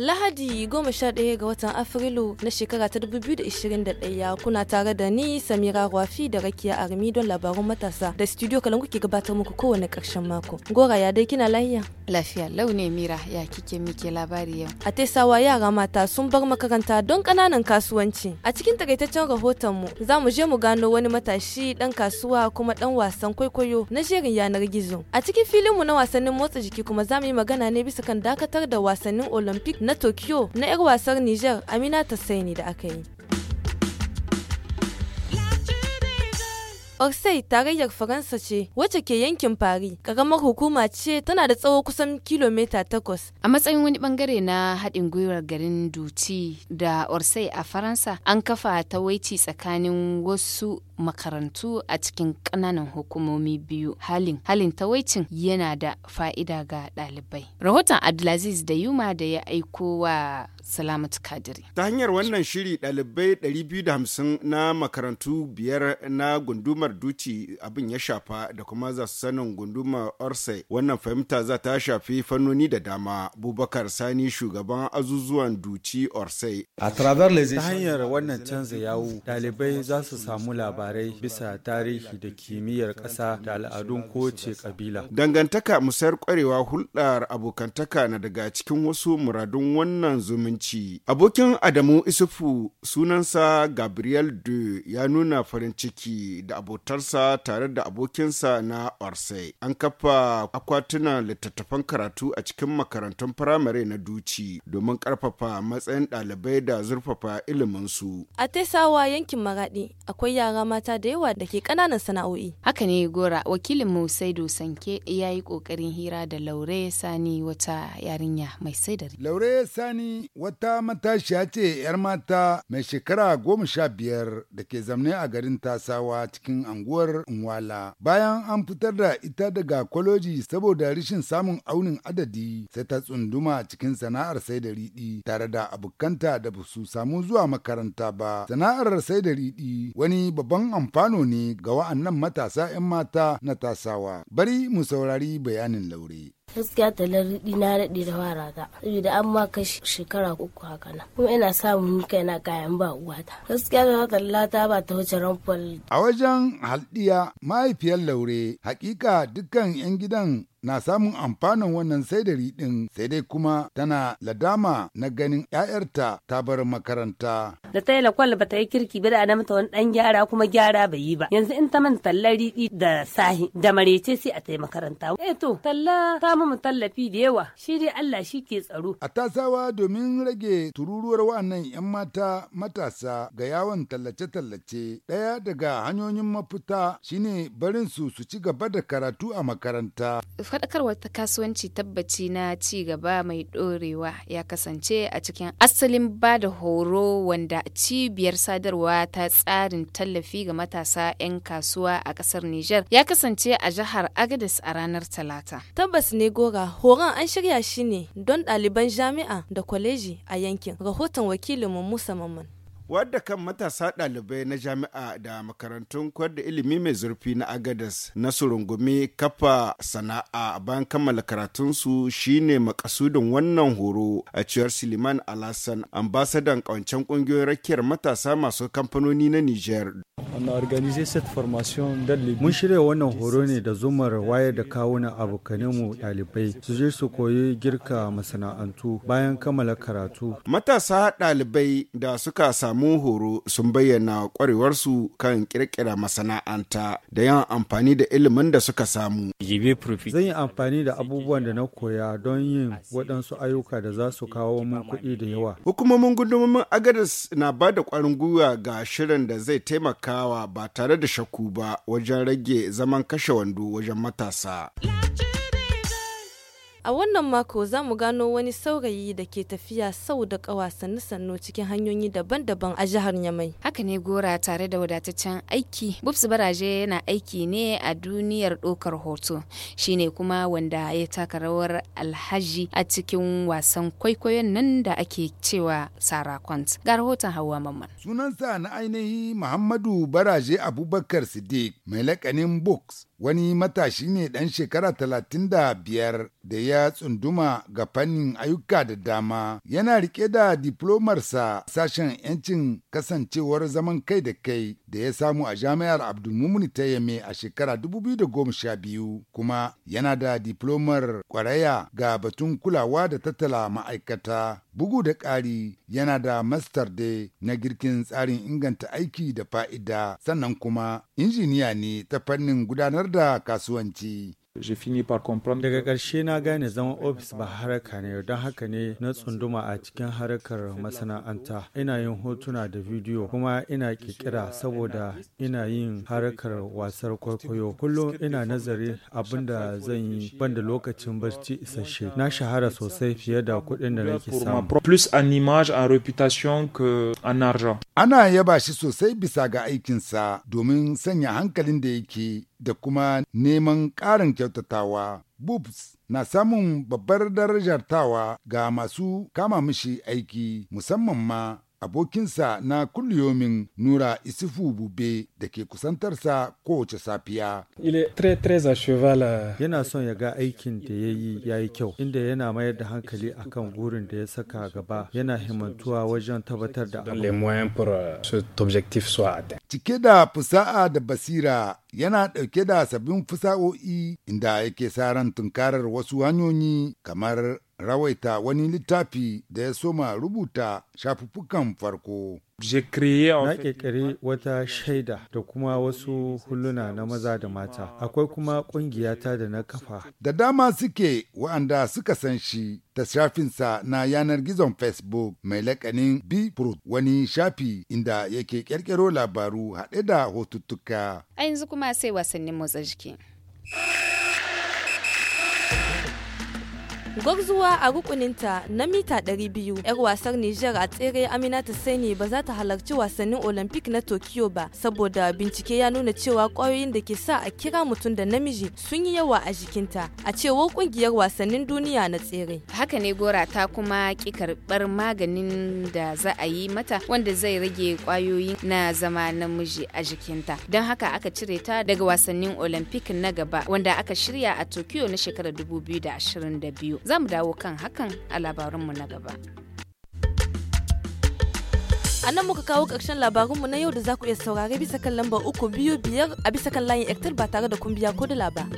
Lahadi goma sha 11 ga watan Afrilu na shekara ta 2021 kuna tare da ni Samira Rafi da Rakiya Armi don labarun matasa da studio kalan kuke gabatar muku kowane karshen mako. Gora ya dai kina lahiya? lafiya launi mira ya kike mike labari yau a tesawa yara mata sun bar makaranta don kananan kasuwanci a cikin takaitaccen rahoton mu za mu je mu gano wani matashi dan kasuwa kuma dan wasan kwaikwayo na shirin yanar gizo a cikin filin mu na wasannin motsa jiki kuma za mu yi magana ne bisa kan dakatar da wasannin olympic na tokyo na yar wasar niger amina tasaini da aka yi Orsay tarayyar Faransa ce wacce ke yankin Paris. Karamar hukuma ce tana da tsawo kusan kilomita takwas. A matsayin wani bangare na haɗin gwiwar garin Duti da Orsay a Faransa an kafa tawaici tsakanin wasu makarantu a cikin ƙananan hukumomi biyu halin halin tawaicin yana da fa'ida ga ɗalibai rahoton abdulaziz da yuma da ya aiko wa salamatu kadiri ta hanyar wannan shiri ɗalibai 250 na makarantu biyar na gundumar duci abin ya shafa da kuma za su sanin gundumar orsay wannan fahimta za ta shafi fannoni da dama bubakar sani shugaban azuzuwan duci orsay ta hanyar wannan canza yawu ɗalibai za su samu labari labarai bisa tarihi da kimiyyar ƙasa da al'adun kowace ƙabila. Dangantaka musayar ƙwarewa hulɗar abokantaka na daga cikin wasu muradun wannan zumunci. Abokin Adamu Isufu sunansa Gabriel De ya nuna farin ciki da abotarsa tare da abokinsa na Orsay. An kafa akwatuna littattafan karatu a cikin makarantun firamare na Duci domin ƙarfafa matsayin ɗalibai da zurfafa iliminsu. A Tesawa yankin Maraɗi akwai yara mata da yawa da ke ƙananan sana'o'i. Haka ne Gora, wakilin saido Sanke ya yi ƙoƙarin hira da Laure Sani wata yarinya mai saidari. Laure Sani wata matashiya ce 'yar mata mai shekara goma sha biyar da ke zamne a garin Tasawa cikin anguwar Nwala. Bayan an fitar da ita daga kwaloji saboda rashin samun aunin adadi sai ta tsunduma cikin sana'ar saida riɗi tare da abokanta da ba su samu zuwa makaranta ba. Sana'ar saida riɗi wani babban amfano ne ga wa'annan matasa 'yan mata na tasawa. Bari mu saurari bayanin Laure. gaskiya talar riɗi na daɗe da fara ta saboda an ma kai shekara uku haka na kuma ina samun kai na kayan ba ta gaskiya da talla ta ba ta wuce ramfal a wajen haldiya mahaifiyar laure hakika dukkan yan gidan na samun amfanin wannan saidari riɗin sai dai kuma tana ladama na ganin 'ya'yarta ta bar makaranta. Da ta yi lakwal ba ta yi kirki ba da ana mata wani ɗan gyara kuma gyara bai yi ba. Yanzu in ta man talla riɗi da sahi da marece sai a ta yi makaranta. Eh to talla ta mu tallafi da yawa shi dai Allah shi ke tsaro. A tasawa domin rage tururuwar wannan 'yan mata matasa ga yawon tallace-tallace ɗaya daga hanyoyin mafita shine barin su su ci gaba da karatu a makaranta. Faɗakarwar ta kasuwanci tabbaci na ci gaba mai ɗorewa ya kasance a cikin asalin ba da horo wanda cibiyar sadarwa ta tsarin tallafi ga matasa 'yan kasuwa a ƙasar Nijar ya kasance a jihar Agadez a ranar Talata. Tabbas ne goga Gora, horon an shirya shi ne don ɗaliban jami'a da kwaleji a yankin. Rahoton wakilinmu Musa Mamman. wadda kan matasa ɗalibai na jami'a da makarantun koyar da ilimi mai zurfi na agadas na surungumi kafa sana'a bayan kammala karatunsu shine makasudin wannan horo a ciyar siliman alasan ambasadan ƙawancen ƙungiyoyin rakiyar matasa masu kamfanoni na niger Mun shirya wannan horo ne da zumar wayar da kawuna mu ɗalibai su je su koyi girka masana'antu bayan kammala karatu. Matasa ɗalibai da suka samu mun horo sun bayyana kwarewarsu kan kirkira masana'anta da yawan amfani da ilimin da suka samu. Zan yi amfani da abubuwan da na koya don yin waɗansu ayyuka da za su kawo min kuɗi da yawa. Hukumomin gundumomin Agadas na ba da ƙwarin gwiwa ga shirin da zai taimakawa ba tare da shaku ba wajen rage zaman kashe wando wajen matasa. A wannan mako za mu gano wani saurayi da ke tafiya sau da ƙawa sannu-sannu cikin hanyoyi daban-daban a jihar yamai Haka ne gora tare da wadataccen aiki. Bubs Baraje yana aiki ne a duniyar ɗaukar hoto. shine kuma wanda ya taka rawar alhaji a cikin wasan kwaikwayon nan da ake cewa Sara Kwant. Ga rahoton Hauwa Mamman. Sunansa na ainihi Muhammadu Baraje Abubakar Siddiq mai lakanin Books wani matashi ne ɗan shekara talatin da biyar da ya tsunduma ga fannin ayyuka da dama yana rike da diplomarsa sashen 'yancin kasancewar zaman kai da kai da ya samu a jami'ar abdulmumuni ta yame a shekara 2012 kuma yana da diplomar kwaraya ga batun kulawa da tattala ma'aikata bugu da ƙari yana da mastar da na girkin tsarin inganta aiki da fa'ida sannan kuma injiniya ne ta fannin gudanar da kasuwanci. Daga ƙarshe na gane zama ofis ba haraka ne don haka ne na tsunduma a cikin harkar masana'anta. Ina yin hotuna da bidiyo kuma ina ƙirƙira saboda ina yin harkar wasar kwaikwayo. Kullum ina nazari abin da zan yi banda lokacin barci isasshe. Na shahara sosai fiye da kuɗin da nake samu. Plus an Ana yaba shi sosai bisa ga aikinsa domin sanya hankalin da yake da kuma neman ƙarin kyautatawa. Boobs na samun babbar darajar tawa ga masu kama mishi aiki musamman ma abokinsa na kulliyomin Nura Isifu Bube da ke kusantarsa kowace safiya. Euh, yana son ya ga aikin da ya yi ya yi kyau, inda yana mayar da hankali akan gurin da ya saka gaba yana himantuwa wajen tabbatar da euh, Cike da fusa'a da basira yana ɗauke da sabbin fusa'o'i inda yake sa ran tunkarar wasu hanyoyi kamar rawaita wani littafi da ya soma rubuta shafuffukan farko. Na ƙirƙiri wata shaida da kuma wasu huluna na maza da mata, akwai kuma ƙungiyata da na kafa. Da dama suke wa'anda suka san shi ta shafinsa na yanar gizon Facebook mai lakanin b wani shafi inda yake ƙirƙiro labaru haɗe da hotuttuka. A yanzu kuma sai wasannin motsa jiki. Gwarzuwa a rukuninta na mita 200 'yar wasar niger a tsere Aminata Saini ba za ta halarci wasannin Olympic na Tokyo ba saboda bincike ya nuna cewa kwayoyin da ke sa a kira mutum da namiji sun yi yawa a jikinta a cewar kungiyar wasannin duniya na tsere. Haka ne Gora ta kuma ki karɓar maganin da za a yi mata wanda zai rage kwayoyin na zama namiji a jikinta. Don haka aka cire ta daga wasannin Olympic na gaba wanda aka shirya a Tokyo na shekarar 2022. za mu dawo kan hakan a labarinmu na gaba. a nan muka kawo ƙarshen labarinmu na yau da za ku iya saurare bisa kan lambar uku biyu biyar a bisa kan layin ektar ba tare da kumbiya ko da laba